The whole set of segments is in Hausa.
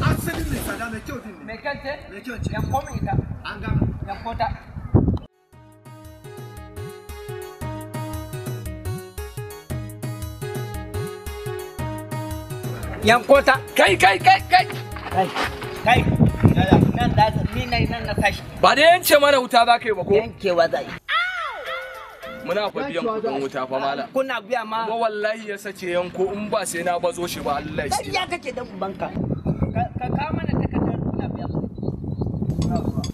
asalin mai tsada mai kyau din ne mai kyau ta yanko kai kai kai kai kai kai nan da ni nan nan na tashi ba da yance mana wuta za kai yi ba ko yankewa za yi muna fa biyan kudin wuta fa mala kuna biya ma wallahi ya sace yanko in ba sai na bazo shi ba Allah ya kake dan banka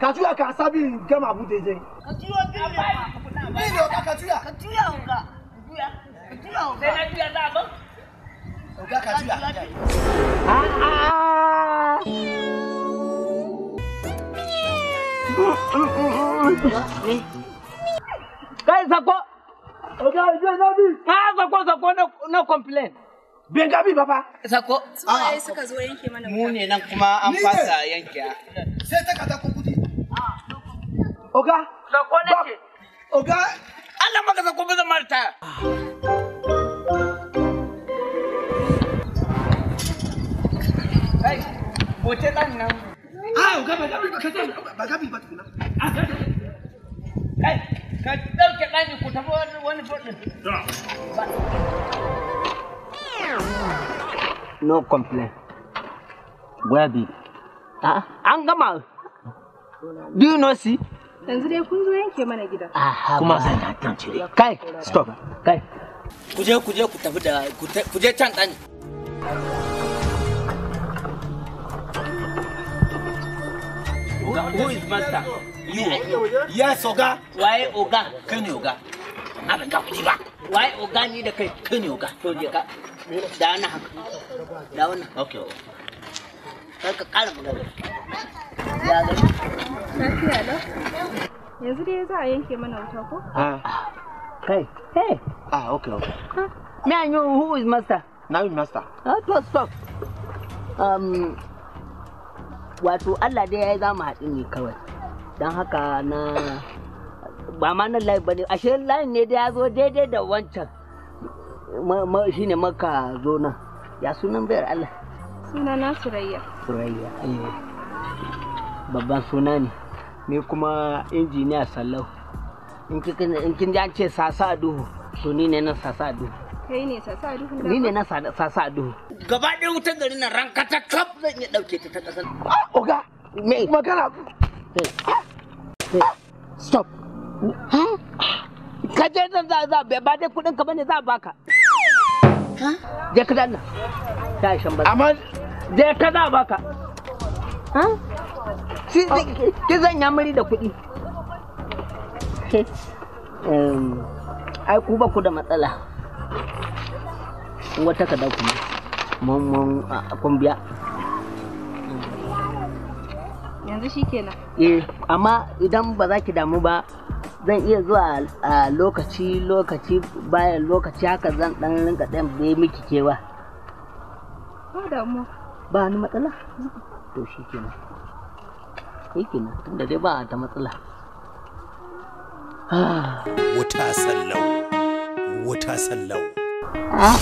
ka juya ka sa bi gama abu da je ka juya bi ne ka ka juya ka juya oga juya ka juya oga sai na juya za ba oga ka juya a a kai zako oga je na bi ka zako zako na na complain Ben gabi baba. Zako. Su suka zo yanke mana. Mu ne nan kuma an fasa yanke. Sai ta kata Oga? Oga? Allah maka sako Kai, bote Ah, oga ba gabi ba gabi ba tukuna. Kai, ah, ka dauke ɗani ku tafi wani No complaint. Where be? Ah, an gama. Do you know see? Yanzu dai kun zo yanke mana gidan. Aha, kuma zan tantan cire. Kai, stop. Kai. Ku je ku je ku tafi da ku je can ɗani. Who is master? You. Yes, Oga. Waye Oga? Kai ne Oga. Na ban ga kuɗi ba. Waye Oga ni da kai? Kai Oga. To je ka. Da haka. Da wannan. Okay. Kar ka magana. Yanzu dai za a yanke mana wuta ko? Ah. Kai. Hey. Ah, okay, okay. Huh? Me and you, who is master? Now master. Ah, to stop. Um, wato Allah dai ya za mu haɗu ne kawai. dan haka na ba ma nan layi bane ashe layin ne da ya daidai da wancan ma shine maka zo nan ya sunan bayar Allah suna na surayya surayya eh. babban suna ne ni kuma injiniya sallau in kin ji an ce sasa a duhu to ni ne nan sasa a duhu kai ne sasa a duhu ni ne nan sasa a duhu gaba ɗaya wutar gari nan ranka ta kaf zan iya ɗauke ta ta ƙasar ah, oga me magana stop ka je nan za za ba dai kuɗin ka bane za a baka je ka danna ta shan ba amma je ka za baka ha ki oh. zan ya da kuɗi um, ai ku ba ku da matsala wata ka dauku mun mun kun biya yanzu shikenan eh amma idan ba za ki damu ba zan iya zuwa a lokaci lokaci bayan lokaci haka zan dan rinka dan bai miki kewa ba damu ba ni matsala mm. to shikenan yake nan tunda dai ba a da matsala wuta sallau wuta sallau ah.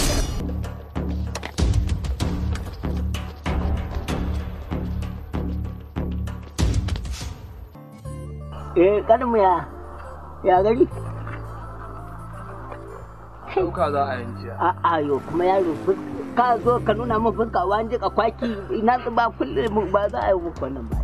Eh, kadmu ya, ya gari? Ɗauka za a yanci. A'a yo, kuma yaro, ka zo ka nuna min fuska wani ka kwaki, ina ba kullum ba za a yi muku wannan ba.